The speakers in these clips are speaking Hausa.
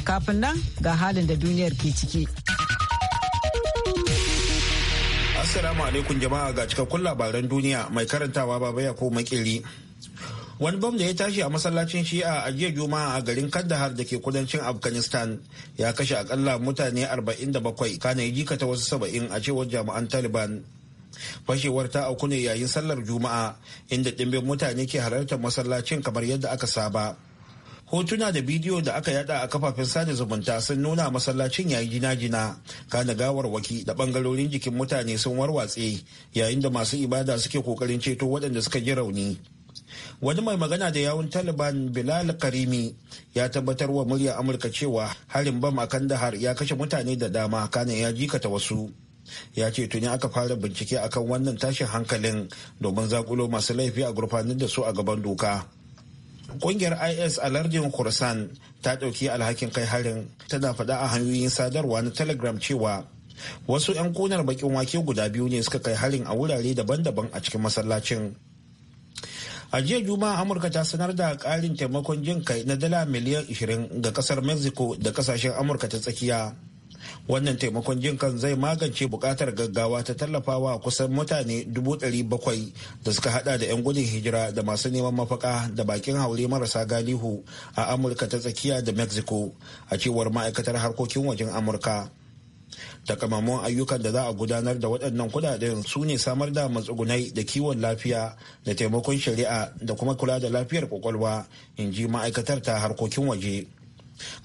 Kafin nan ga halin da duniyar ke ciki. Assalamu alaikum jama'a ga cikakkun labaran duniya mai karantawa baba ya ko makeri. Wani bom da ya tashi a masallacin shi'a a jiya juma'a a garin Kandahar da ke kudancin Afghanistan ya kashe akalla mutane 47 kana ya jikata wasu 70 a cewar jami'an Taliban. Fashewar ta auku ne yayin sallar juma'a inda dimbin mutane ke halartar masallacin kamar yadda aka saba. hotuna da bidiyo da aka yada a kafafen sada zumunta sun nuna masallacin yayi jina-jina kana waki da bangarorin jikin mutane sun warwatse yayin da masu ibada suke kokarin ceto waɗanda suka ji rauni wani mai magana da yawun taliban bilal karimi ya tabbatar wa murya amurka cewa harin bam a kandahar ya kashe mutane da dama kana ya jikata wasu ya ce tuni aka fara bincike akan wannan tashin hankalin domin zakulo masu laifi a gurfanin da su a gaban doka Kungiyar IS a lardin Khorasan ta dauki alhakin kai harin tana faɗa a hanyoyin sadarwa na Telegram cewa wasu 'yan kunar bakin wake guda biyu ne suka kai harin a wurare daban-daban a cikin masallacin. A jiya Juma'a Amurka ta sanar da ƙarin taimakon jin kai na dala miliyan 20 ga ƙasar Mexico da ƙasashen Amurka ta tsakiya. wannan taimakon jin kan zai magance bukatar gaggawa ta tallafawa kusan mutane 700,000 da suka hada da 'yan gudun hijira da masu neman mafaka da bakin haure marasa galihu a amurka ta tsakiya da mexico a cewar ma'aikatar harkokin wajen amurka takamaman ayyukan da za a gudanar da waɗannan kudaden su ne samar da matsugunai da kiwon lafiya da taimakon shari'a da kuma kula da lafiyar kwakwalwa in ji ma'aikatar ta harkokin waje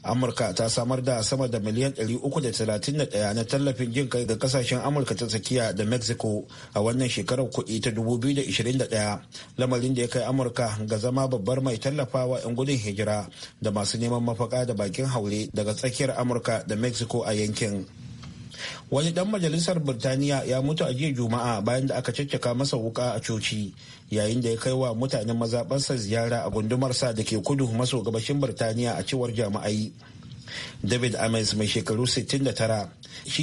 amurka ta samar da sama da miliyan 331 na tallafin jin kai ga kasashen amurka ta tsakiya da mexico a wannan shekarar kuɗi ta 2021 lamarin da ya kai amurka ga zama babbar mai tallafawa 'yan gudun hijira da masu neman mafaka da bakin haure daga tsakiyar amurka da mexico a yankin wani ɗan majalisar birtaniya ya mutu a jiya juma'a bayan da aka caccaka masa wuka a coci yayin da ya kai wa mutanen mazaɓarsa ziyara a gundumarsa da ke kudu maso gabashin birtaniya a cewar jama'ai. david ames mai shekaru 69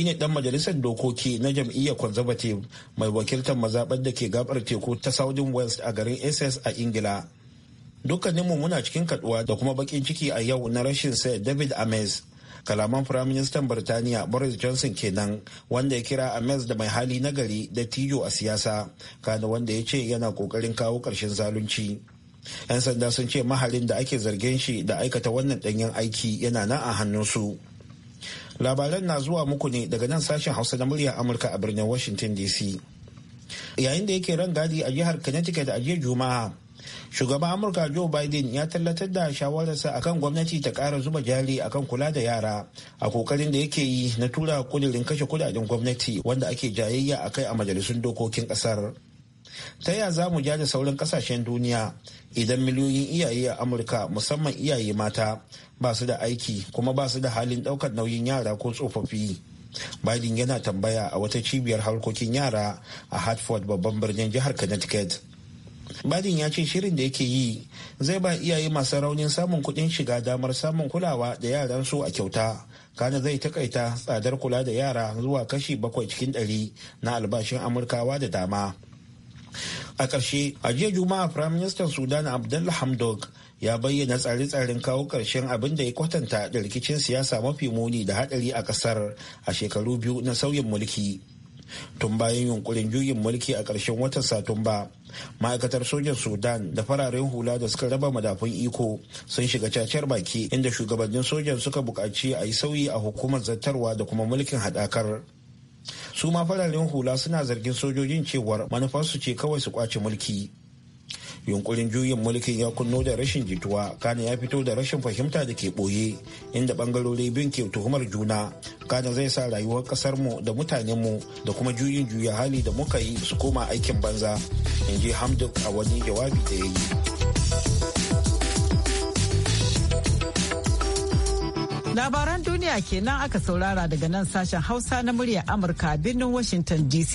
ne dan majalisar dokoki na jam'iyyar conservative mai wakiltar mazaɓar da ke gabar teku ta southern west a garin ss a ingila dukkaninmu muna cikin kaduwa da kuma bakin ciki a yau na rashin sai david ames kalaman firaministan birtaniya boris johnson kenan wanda ya kira ames da mai hali nagari da tiyo a siyasa kada wanda ya ce yana kokarin kawo ƙarshen zalunci 'yan sanda sun ce mahalin da ake zargin shi da aikata wannan danyen aiki yana nan a hannunsu labaran na zuwa muku ne daga nan sashen hausa na muryar amurka a birnin washington dc yayin da yake ran gadi a jihar connecticut a jiya juma'a shugaban amurka joe biden ya tallatar da shawararsa akan gwamnati ta kara zuba jari akan kula da yara a kokarin da yake yi na tura kudirin kashe kudaden gwamnati wanda ake jayayya a kai a majalisun dokokin kasar ta ya za mu ja da sauran kasashen duniya idan miliyoyin iyaye a amurka musamman iyaye mata ba su da aiki kuma ba su da halin daukar nauyin yara ko tsofaffi biden yana tambaya a wata cibiyar harkokin yara a hartford babban birnin jihar connecticut Badin ya ce shirin da yake yi zai ba iyaye masu raunin samun kuɗin shiga damar samun kulawa da yaran su a kyauta. Kana zai takaita tsadar kula da yara zuwa kashi bakwai cikin ɗari na albashin Amurkawa da dama. A ƙarshe, a jiya Juma'a Firaministan Sudan abdul Hamdok ya bayyana tsare-tsaren kawo ƙarshen abin da ya kwatanta da rikicin siyasa mafi muni da haɗari a ƙasar a shekaru biyu na sauyin mulki. tun bayan yunkurin juyin mulki a ƙarshen watan satumba ma'aikatar sojan sudan da fararen hula da suka raba madafun iko sun shiga cacar baki inda shugabannin sojan suka buƙaci a yi sauyi a hukumar zartarwa da kuma mulkin haɗakar su ma fararen hula suna zargin sojojin cewar manufarsu ce kawai su kwace mulki yunkurin juyin mulkin ya kunno da rashin jituwa kana ya fito da rashin fahimta da ke ɓoye inda bangarori biyun ke tuhumar juna kana zai sa rayuwar kasar mu da mutanen mu da kuma juyin juya hali da muka yi su koma aikin banza in ji a wani jawabi da ya yi labaran duniya kenan aka saurara daga nan sashen hausa na murya amurka birnin washington dc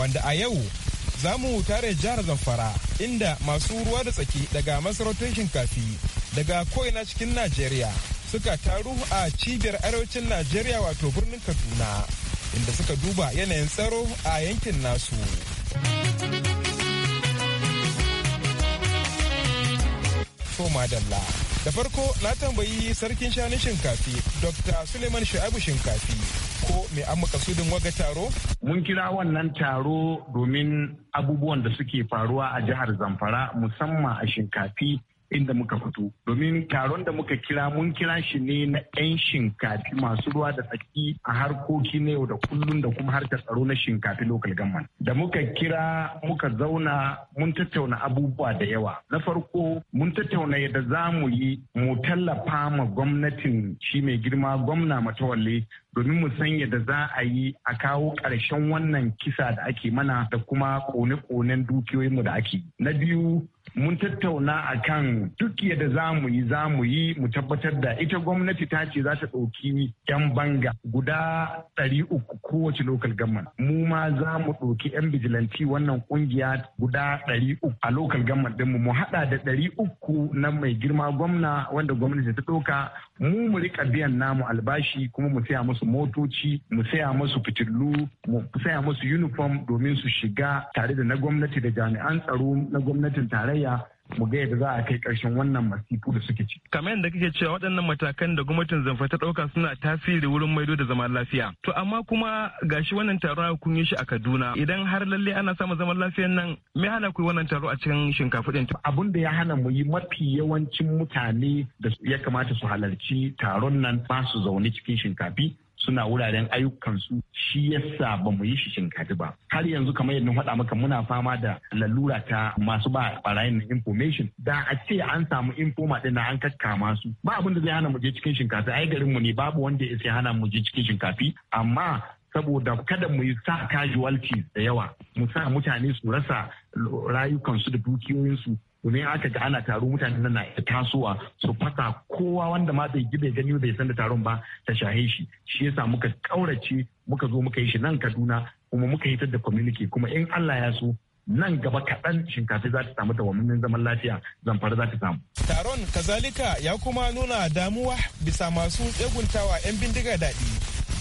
wanda a yau za mu tare jihar zamfara inda masu ruwa da tsaki daga masarautar shinkafi daga ko'ina cikin najeriya suka taru a cibiyar arewacin najeriya wato birnin kaduna inda suka duba yanayin tsaro a yankin nasu da farko na tambayi sarkin shanun shinkafi dr suleiman sha'abu shinkafi ko mai an makasudin waga taro? Mun kira wannan taro domin abubuwan da suke faruwa a jihar Zamfara musamman a shinkafi inda muka fito domin taron da muka kira mun kira shi ne na 'yan shinkafi masu ruwa da tsaki a harkoki na yau da kullum da kuma harkar tsaro na shinkafi local government da muka kira muka zauna mun tattauna abubuwa da yawa na farko mun tattauna yadda za mu yi mu tallafa ma gwamnatin shi mai girma gwamna matawalle domin mu san yadda za a yi a kawo ƙarshen wannan kisa da ake mana da kuma kone-konen dukiyoyinmu da ake na biyu mun tattauna a kan duk yadda za mu yi za mu yi mu tabbatar da ita gwamnati ta ce za ta ɗauki 'yan banga guda ɗari uku kowace lokal gamman mu ma za mu ɗauki 'yan bijilanci wannan ƙungiya guda ɗari uku a lokal gamman ɗinmu mu haɗa da ɗari uku na mai girma gwamna wanda gwamnati ta ɗauka mu mu riƙa biyan namu albashi kuma mu saya musu motoci mu saya musu fitillu mu saya musu uniform domin su shiga tare da na gwamnati da jami'an tsaro na gwamnatin tarayya tarayya mu ga yadda za a kai ƙarshen wannan masifu da suke ci. Kamar yadda kake cewa waɗannan matakan da gwamnatin Zamfa ta ɗauka suna tasiri wurin maido da zaman lafiya. To amma kuma gashi wannan taron kun yi shi a Kaduna idan har lalle ana samun zaman lafiyan nan me hana ku wannan taro a cikin shinkafa ɗin? Abin da ya hana mu yi mafi yawancin mutane da ya kamata su halarci taron nan ba su zaune cikin shinkafi suna wuraren ayyukansu shi yasa ba mu yi shi shinkafi ba har yanzu kamar yadda faɗa maka muna fama da lalura ta masu ba barayin information da a ce an samu informa ɗin na an kakkama su ba abin da zai hana mu je cikin shinkafi ai garin mu ne babu wanda ya sai hana mu je cikin shinkafi amma saboda kada mu yi sa casualties da yawa mu sa mutane su rasa rayukansu da dukiyoyinsu domin aka ga ana taro mutane nan na tasowa su fasa kowa wanda ma bai bai gani bai san da taron ba ta shahe shi shi yasa muka ƙaurace muka zo muka yi shi nan Kaduna kuma muka hitar da community kuma in Allah ya so nan gaba kaɗan shinkafi za ta samu dawammin zaman lafiya zamfara za ta samu. Taron kazalika ya kuma nuna damuwa bisa masu tseguntawa 'yan bindiga daɗi.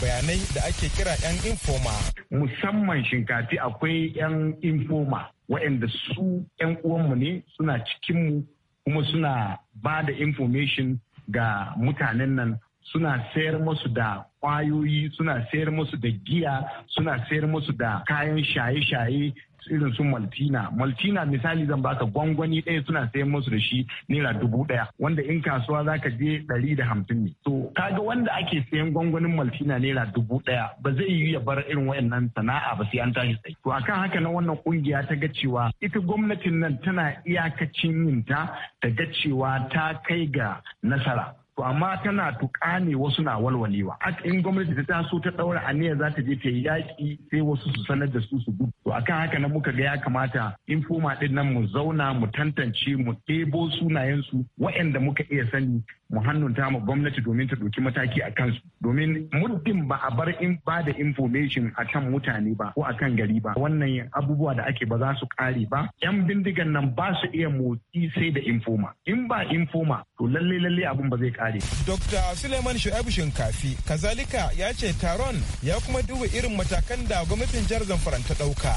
bayanai da ake kira 'yan informa. Musamman shinkafi akwai 'yan informa waɗanda su 'yan uwanmu ne suna cikinmu kuma suna ba da information ga mutanen nan suna sayar musu da kwayoyi suna sayar musu da giya suna sayar musu da kayan shaye-shaye irin su maltina maltina misali zan baka gwangwani ɗaya suna sayan musu da shi naira dubu ɗaya wanda in kasuwa zaka je ɗari da hamsin ne to kaga wanda ake sayan gwangwanin maltina naira dubu ɗaya ba zai yi ya bar irin wayannan sana'a ba sai an tashi sai to akan haka na wannan kungiya ta ga cewa ita gwamnatin nan tana iyakacin yinta ta ga cewa ta kai ga nasara to amma tana tuƙa ne wasu na walwalewa in gwamnati ta taso ta daura aniyar za ta je ta yi yaƙi sai wasu su sanar da su su gudu to akan haka na muka ga ya kamata infoma din nan mu zauna mu tantance mu ɗebo sunayen su waɗanda muka iya sani mu hannunta ma gwamnati domin ta ɗauki mataki a kansu domin muddin ba a bar in ba da information a kan mutane ba ko a kan gari ba wannan abubuwa da ake ba za su kare ba yan bindigan nan ba su iya motsi sai da infoma in ba infoma to lalle lalle abun ba zai ƙare kare. Dr. Suleiman Shu'aibu Shinkafi kazalika ya ce taron ya kuma duba irin matakan da gwamnatin jihar Zamfara ta ɗauka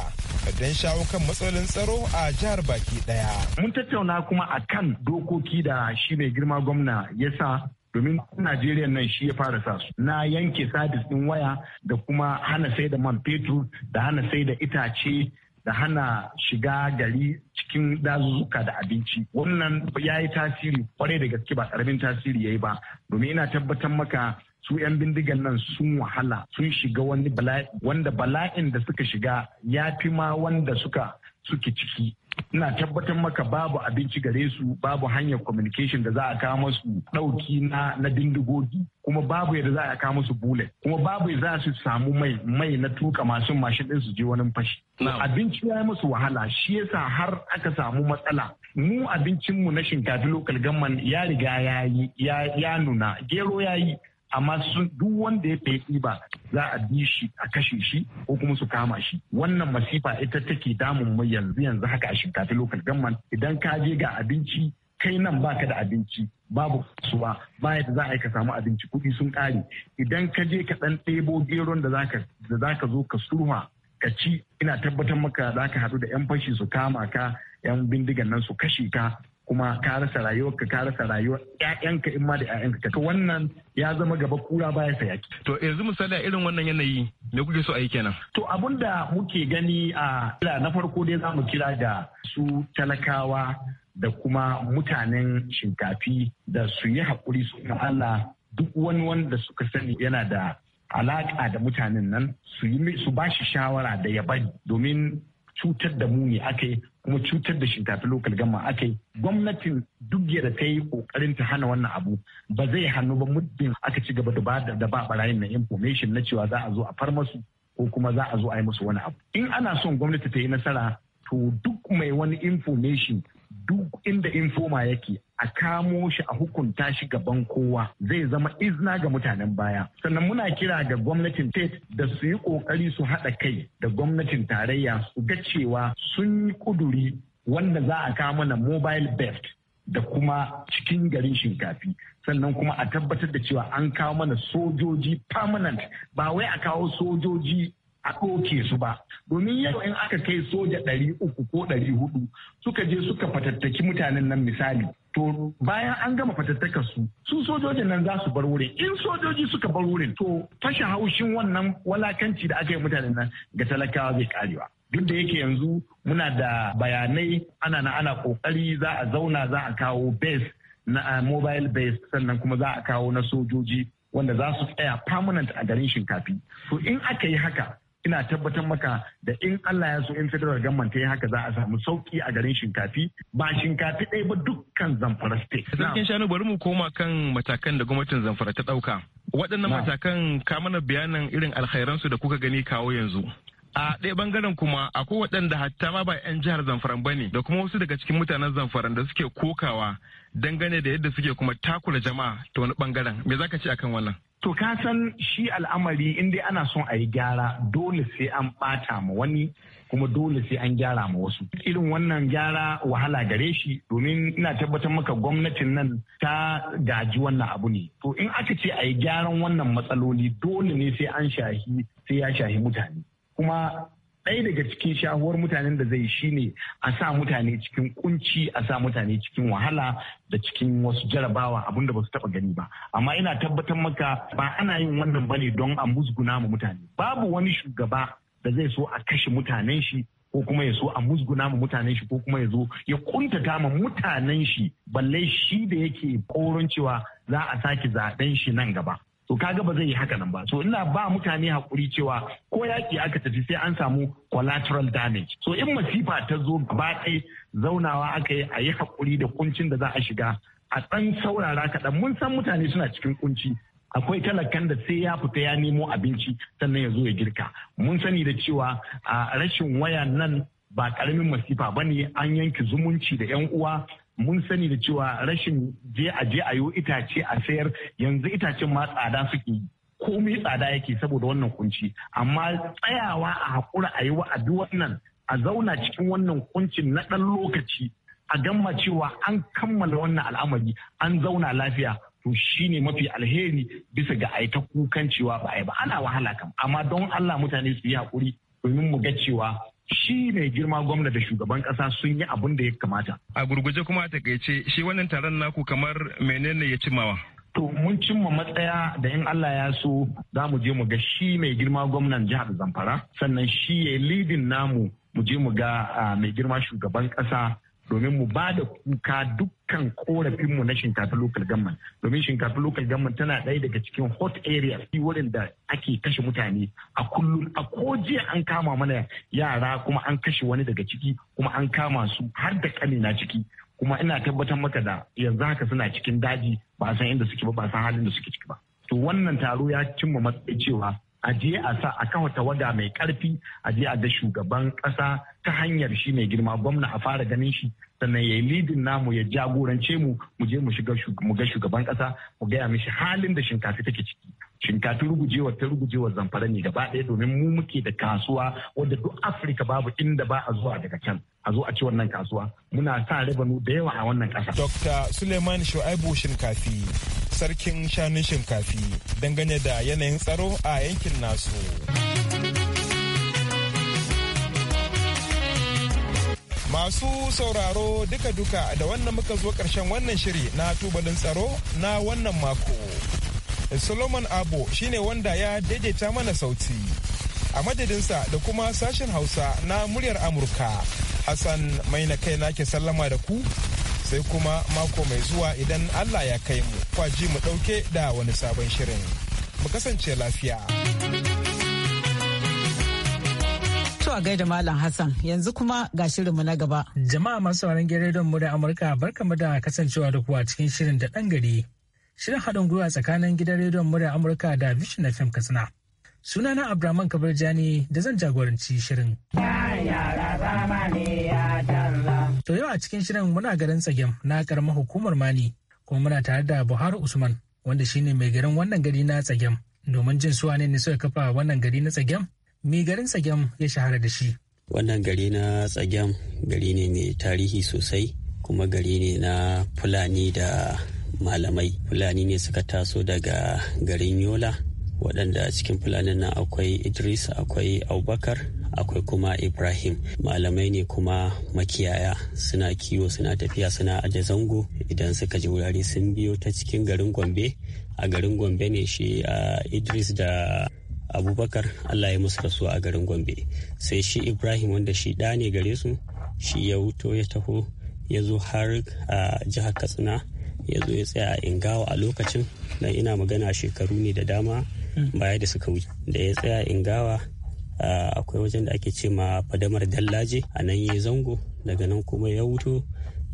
don shawo kan matsalolin tsaro a jihar baki ɗaya. Mun tattauna kuma a kan dokoki da shi mai girma gwamna ya sa domin Najeriya nan shi ya fara sa su na yanke sabis ɗin waya da kuma hana sai da man fetur da hana sai da itace da hana shiga gari cikin dazuzzuka da abinci wannan ya yi tasiri kwarai da gaske ba karamin tasiri ya yi ba domin ina tabbatar maka su 'yan bindigan nan sun wahala sun shiga wani bala'i wanda bala'in da suka shiga ya fi ma wanda suka suke ciki ina tabbatar maka babu abinci gare su babu hanyar communication da za a kawo masu ɗauki na na dindigogi kuma babu yadda za a kawo musu bullet kuma babu yadda za su samu mai mai na tuka masu mashin din su je wani fashi abinci ya yi musu wahala shi yasa har aka samu matsala mu abincinmu na shinkafi local government ya riga ya yi ya nuna gero ya yi amma sun duk wanda ya fi ɗiba za a bi shi a kashe shi ko kuma su kama shi wannan masifa ita take damun mu yanzu yanzu haka a shinkafi local government idan ka je ga abinci kai nan baka da abinci babu suwa baya da za a yi ka samu abinci kuɗi sun ƙare idan ka je ka ɗan ɗebo geron da za ka zo ka surma ka ci ina tabbatar maka za ka haɗu da 'yan fashi su kama ka 'yan bindigan nan su kashe ka kuma ka rasa rayuwarka ka rasa rayuwar ƴaƴanka in ma da ƴaƴanka ka wannan ya zama gaba kura baya sa yaki to yanzu misali a irin wannan yanayi me kuke so a yi kenan to abun da muke gani a kira na farko dai mu kira da su talakawa da kuma mutanen shinkafi da su yi haƙuri su Allah duk wani wanda suka sani yana da alaƙa da mutanen nan su ba shi shawara da ya bari domin cutar da muni ne aka yi kuma cutar da shinkafa lokal gama aka yi gwamnatin duk da ta yi kokarin ta hana wannan abu ba zai hannu ba muddin aka ci gaba da ba da ba barayin na information na cewa za a zo a far masu ko kuma za a zo a yi musu wani abu in ana son gwamnati ta yi nasara to duk mai wani information duk inda infoma yake a kamo shi a hukunta shi gaban kowa zai zama izna ga mutanen baya sannan muna kira ga gwamnatin state da su yi kokari su haɗa kai da gwamnatin tarayya su ga cewa sun yi kuduri wanda za a kawo mana mobile best da kuma cikin garin shinkafi sannan kuma a tabbatar da cewa an kawo mana sojoji permanent ba wai a kawo sojoji a ɗoke su ba domin yau in aka kai soja ɗari uku ko ɗari hudu suka je suka fatattaki mutanen nan misali to bayan an gama fatattakar su su sojojin nan za su bar wurin in sojoji suka bar wurin to fashin haushin wannan walakanci da aka yi mutanen nan ga talakawa zai karewa duk da yake yanzu muna da bayanai ana na ana kokari za a zauna za a kawo base na mobile base sannan kuma za a kawo na sojoji wanda za su tsaya permanent a garin shinkafi to in aka yi haka ina tabbatar maka da in Allah ya so in federal government ta yi haka za a samu sauki a garin shinkafi ba shinkafi ɗaya ba dukkan zamfara state. Sarkin shanu bari mu koma kan matakan da gwamnatin zamfara ta ɗauka. Waɗannan matakan ka mana bayanan irin alkhairansu da kuka gani kawo yanzu. a ɗaya bangaren kuma akwai waɗanda hatta ma ba 'yan jihar zamfaran ba ne da kuma wasu daga cikin mutanen zamfaran da suke kokawa dangane da yadda suke kuma takura jama'a ta wani bangaren me za ka ce akan wannan To ka san shi al'amari in dai ana son a yi gyara dole sai an ɓata ma wani kuma dole sai an gyara ma wasu. Irin wannan gyara wahala gare shi domin ina tabbatar maka gwamnatin nan ta gaji wannan abu ne. To in aka ce a yi gyaran wannan matsaloli dole ne sai an shahi sai ya shahi mutane. Kuma ɗaya daga cikin shahuwar mutanen da zai shi ne a sa mutane cikin kunci a sa mutane cikin wahala da cikin wasu jarabawa abinda ba su taba gani ba amma ina tabbatar maka ba ana yin wannan bane don a musguna ma mutane babu wani shugaba da zai so a kashe mutanen shi ko kuma ya so a musguna ma mutanen shi ko kuma ya zo ya kuntata ma mutanen shi balle shi da yake koron cewa za a sake zaɓen shi nan gaba to kaga ba zai yi haka nan ba so ina ba mutane hakuri cewa ko yaki aka tafi sai an samu collateral damage so in masifa ta zo gaba ɗaya zaunawa aka yi a yi hakuri da kuncin da za a shiga a ɗan saurara kaɗan mun san mutane suna cikin kunci akwai talakan da sai ya fita ya nemo abinci sannan ya zo ya girka mun sani da cewa a rashin waya nan ba karamin masifa bane an yanki zumunci da 'yan uwa mun sani da cewa rashin je a je a yi itace a sayar yanzu itacen ma tsada suke komai tsada yake saboda wannan kunci amma tsayawa a haƙura a yi wa'adi wannan a zauna cikin wannan kuncin na ɗan lokaci a gamma cewa an kammala wannan al'amari an zauna lafiya to shine mafi alheri bisa ga aita kukan cewa ba a yi ba ana wahala kam amma don Allah mutane su yi hakuri domin mu ga cewa shi mai girma gwamna da shugaban kasa sun yi abin da ya kamata. A gurguje kuma a takaice shi wannan taron naku kamar menene ya cimawa? To mun cimma matsaya da in Allah ya so za mu je mu ga shi mai girma gwamnan jihar Zamfara sannan shi ya lidin namu mu je mu ga ah, mai girma shugaban kasa domin mu ba da kuka dukkan korafinmu na shinkafa lokal government domin shinkafa lokal government tana ɗaya daga cikin hot area waɗanda ake kashe mutane a kullum a jiya an kama mana yara kuma an kashe wani daga ciki kuma an kama su har da kanina ciki kuma ina tabbatar maka da yanzu haka suna cikin daji ba san inda suke ba ba san halin da suke ciki ba to wannan taro ya cimma matsayi cewa a je a sa a kawo tawaga mai karfi a je a ga shugaban kasa ta hanyar shi mai girma gwamna a fara ganin shi sannan ya yi lidin namu ya jagorance mu mu je mu ga shugaban kasa mu gaya mishi halin da shinkafi take ciki shinkafi rugujewa ta rugujewa zamfara ne gaba ɗaya domin mu muke da kasuwa wadda duk afirka babu inda ba a zuwa daga can a zo a ci wannan kasuwa muna sa rabanu da yawa a wannan kasa. dr suleiman shu'aibu shinkafi sarkin shanun shinkafi dangane da yanayin tsaro a yankin nasu. Masu sauraro duka-duka da wannan muka zo ƙarshen wannan shiri na tubalin tsaro na wannan mako. Solomon Abo shine wanda ya daidaita mana sauti. A madadinsa da kuma sashen Hausa na muryar Amurka, Hassan mai na kai na ke sallama da ku sai kuma mako mai zuwa idan Allah ya kai mu kwaji mu ɗauke da wani sabon shirin. Mu kasance lafiya. a gaida Malam Hassan yanzu kuma ga shirin mu na gaba. Jama'a masu sauran gidan mu da Amurka barkamu da kasancewa da kuwa cikin shirin da ɗan gari. Shirin haɗin gwiwa tsakanin gidan rediyon mu da Amurka da Vision FM Katsina. Sunana abraham Kabir Jani da zan jagoranci shirin. Ya yara zamani ya To yau a cikin shirin muna garin Tsagem na karamar hukumar Mani kuma muna tare da Buhari Usman wanda shine mai garin wannan gari na Tsagem domin jin su ne suka kafa wannan gari na Tsagem mai garin Tsagem ya shahara da shi. Wannan gari na Tsagem gari ne mai tarihi sosai kuma gari ne na Fulani da malamai. Fulani ne suka taso daga garin Yola waɗanda cikin fulanin nan akwai idris akwai abubakar akwai kuma ibrahim malamai ne kuma makiyaya suna kiwo suna tafiya suna aje zango idan suka ji wurare sun biyo ta cikin garin gombe a garin gombe ne shi a idris da abubakar allah ya musu rasuwa a garin gombe sai shi ibrahim wanda shi ɗa ne gare su shi ya wuto ya taho ya zo har a jihar katsina ya zo ya tsaya a ingawa a lokacin na ina magana shekaru ne da dama baya da suka wuce da ya tsaya ingawa akwai wajen da ake ce ma fadamar dallaje a nan ya zango daga nan kuma ya wuto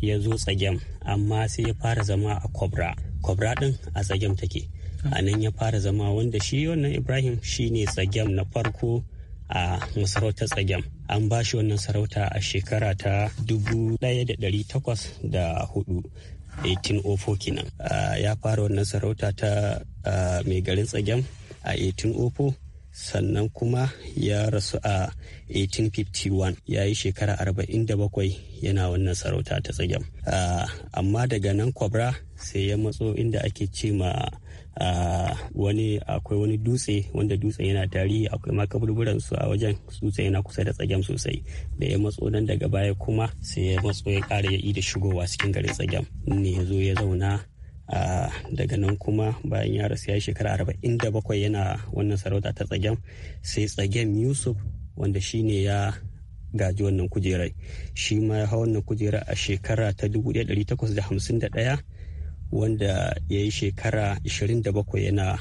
ya zo tsagem amma sai ya fara zama a kwabra kwabra din a tsagem take a nan ya fara zama wanda shi wannan ibrahim shine tsagem na farko a masarautar tsagem an ba shi wannan sarauta a shekara ta 1804 1804 kenan ah, ya fara wannan sarauta ta ah, mai garin tsagen a 1804 sannan kuma ya rasu a 1851 ya yi shekara 47 yana wannan sarauta ta tsagen ah, amma daga nan kwabra sai ya matso inda ake ce ma wani akwai wani dutse wanda dutsen yana tarihi akwai ma kaburburan su a wajen dutse yana kusa da tsagem sosai da ya matso nan daga baya kuma sai ya matso ya kara ya yi da shigowa cikin garin tsagem ne ya zo ya zauna daga nan kuma bayan ya rasu ya yi shekara arba'in da bakwai yana wannan sarauta ta tsagem sai tsagem yusuf wanda shine ya gaji wannan kujerai shi ma ya hau wannan kujerar a shekara ta da hamsin ɗaya. wanda ya yi shekara 27 yana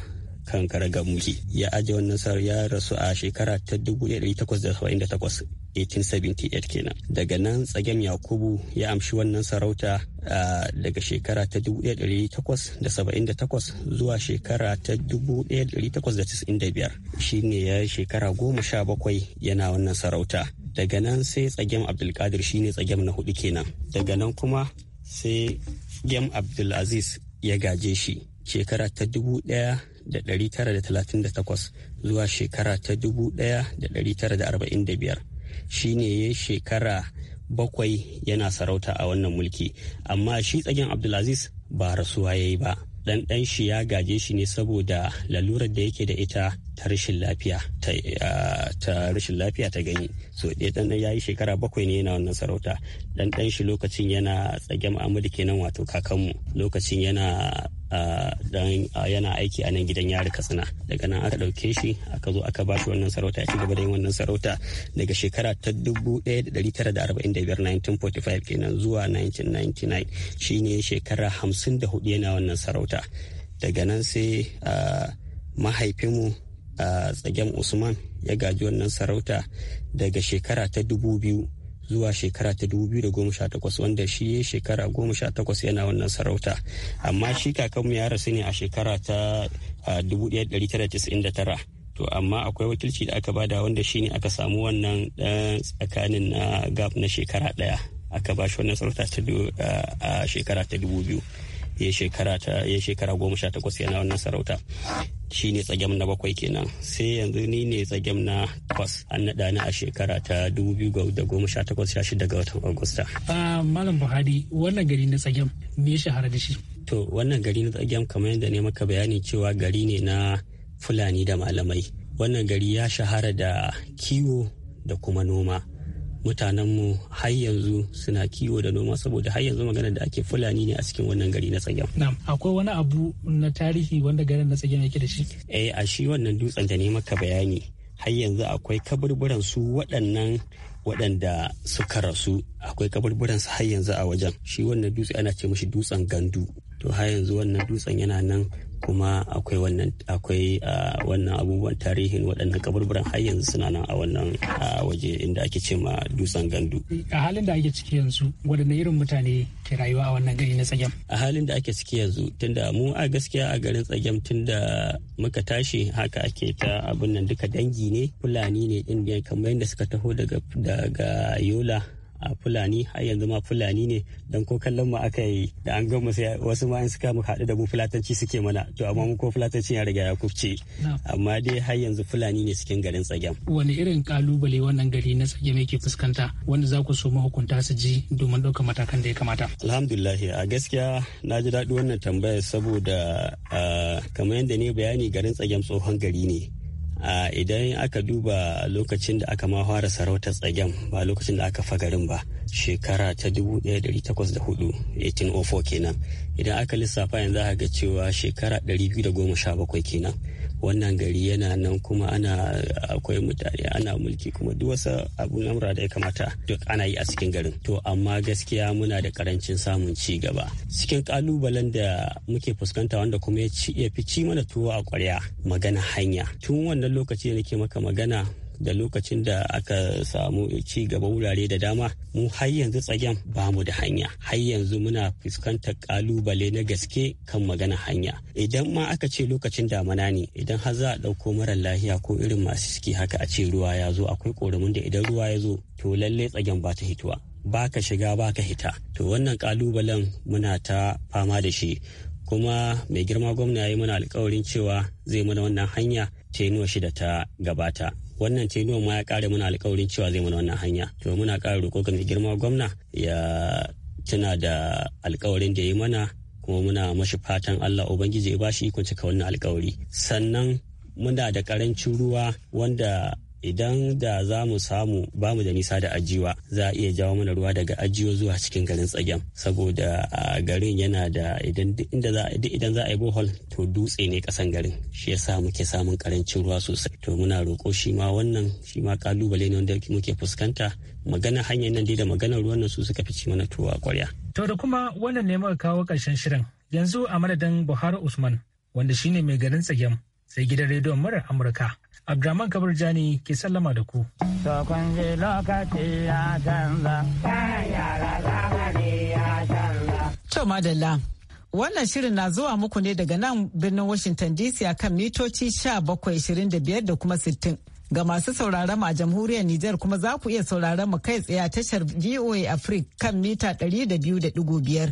kan karagar Muki. ya aje wannan sar ya rasu a shekara ta 1878 1878 kenan daga nan tsagen yakubu ya amshi wannan sarauta daga shekara ta 1878 zuwa shekara ta 1895 ne ya yi shekara goma sha bakwai yana wannan sarauta daga nan sai tsagen abdulkadir ne tsagen na hudu kenan daga nan kuma sai gem abdulaziz ya gaje shi shekara ta 1938 zuwa shekara ta 1945 shi ne ya shekara bakwai yana sarauta a wannan mulki amma shi tsagen abdulaziz ba rasuwa ya yi ba ɗanɗan shi ya gaje shi ne saboda lalurar da yake da ita ta rashin lafiya ta rashin lafiya ta gani so ɗaya ɗan ya yi shekara bakwai ne yana wannan sarauta ɗan ɗan shi lokacin yana tsage mu'amali kenan wato kakanmu lokacin yana dan yana aiki a nan gidan yari katsina daga nan aka ɗauke shi aka zo aka bashi wannan sarauta ya ci gaba da yin wannan sarauta daga shekara ta 1945 kenan zuwa 1999 shine shekara hamsin da hudu yana wannan sarauta daga nan sai mahaifinmu a tsagen usman ya gaji wannan sarauta daga shekara ta dubu biyu zuwa shekara ta dubu biyu da goma sha takwas wanda shi ya shekara goma sha takwas yana wannan sarauta amma shi kakanmu ya rasu ne a shekara ta dubu ɗaya ɗari tara casa'in da tara to amma akwai wakilci da aka bada wanda shi ne aka samu wannan ɗan tsakanin na gab na shekara ɗaya aka ba shi wannan sarauta a shekara ta dubu biyu ya shekara ta ya shekara goma sha takwas yana wannan sarauta shi ne tsagem na bakwai kenan sai yanzu ni ne tsagem na takwas an naɗa ni a shekara ta dubu biyu ga da goma sha takwas sha shida ga watan agusta. Ah, malam buhari wannan gari na tsagem me ya shahara da shi. to wannan gari na tsagem kamar yadda ne maka bayani cewa gari ne na fulani da malamai wannan gari ya shahara da kiwo da kuma noma. mutanenmu har yanzu suna kiwo da noma saboda har yanzu magana da ake fulani ne a cikin wannan gari na tsagen. akwai wani abu na tarihi wanda garin na tsagen yake da shi? Eh a shi wannan dutsen da ne maka bayani har yanzu akwai kaburburan su waɗannan waɗanda suka rasu akwai kaburburan su har yanzu a wajen shi wannan dutse ana ce mashi dutsen gandu to har yanzu wannan dutsen yana nan kuma akwai wannan akwai ah, wannan abubuwan tarihin waɗannan kaburburan har yanzu suna nan a wannan ah, waje inda ake ce ma dusan gandu a halin da ake ciki yanzu waɗanne irin mutane ke rayuwa a wannan gari na tsagem a halin da ake ciki yanzu tunda mu a gaskiya a garin tsagem tunda muka tashi haka ake ta abin nan duka dangi ne fulani ne indiya kamar yadda suka taho daga yola a fulani har yanzu ma fulani ne dan ko kallon mu aka yi da an gama sai wasu ma in suka muka haɗu da mu fulatanci suke mana to amma mu ko fulatanci ya riga ya kufce amma dai har yanzu fulani ne cikin garin tsagen wani irin kalubale wannan gari na tsage mai ke fuskanta wanda za ku so mahukunta su ji domin ɗaukar matakan da ya kamata alhamdulillah a gaskiya na ji daɗi wannan tambaya saboda ah, kamar yadda ne bayani garin tsagen tsohon gari ne idan aka duba lokacin da aka ma fara sarautar tsagen ba lokacin da aka fa garin ba shekara ta 1804 1804 kenan idan aka lissafa yanzu aka ga cewa shekara 217 kenan wannan gari yana nan kuma ana akwai mutane ana mulki kuma duk wasu abun amra da ya kamata duk ana yi a cikin garin to amma gaskiya muna da karancin samun ci gaba cikin kalubalen da muke fuskanta wanda kuma ya fi ci mana tuwo a kwarya magana hanya tun wannan lokaci da nake maka magana da lokacin da aka samu ci gaba wurare da dama mu har yanzu tsagen ba mu da hanya har yanzu muna fuskantar kalubale na gaske kan magana hanya idan ma aka ce lokacin damana ne idan har za a ɗauko mara lahiya ko irin masu ciki haka a ce ruwa ya zo akwai ƙoramin da idan ruwa ya zo to lalle tsagen ba ta hituwa ba ka shiga ba ka hita to wannan kalubalen muna ta fama da shi kuma mai girma gwamna ya yi mana alkawarin cewa zai mana wannan hanya ta yi shi da ta gabata wannan ce ma ya kare muna alkawarin cewa zai mana wannan hanya to muna kara roƙo ga mai girma gwamna ya tuna da alkawarin da ya yi mana kuma muna mashi fatan Allah ubangiji ya bashi ikon cika wannan alkawari sannan muna da karancin ruwa wanda idan da za mu samu ba mu da nisa da ajiwa za a iya jawo mana ruwa daga ajiyuwa zuwa cikin garin tsagen saboda a garin yana da idan za a yi bohol to dutse ne kasan garin shi yasa muke samun karancin ruwa sosai to muna roƙo shi ma wannan shi ma kalubale ne wanda muke fuskanta magana hanyar nan dai da maganar ruwan nan su suka fice mana tuwa kwarya to da kuma wannan ne muka kawo karshen shirin yanzu a madadin Buhari Usman wanda shine mai garin tsagen sai gidan rediyon murar Amurka Abdulrahman Kabir Jani ke sallama da ku. To To madalla, wannan shirin na zuwa muku ne daga nan birnin Washington DC a kan mitoci 1725 da kuma sittin Ga masu sauraron a jamhuriyar Nijar kuma za ku iya sauraron mu kai tsaye a tashar VOA Africa kan mita 200.5.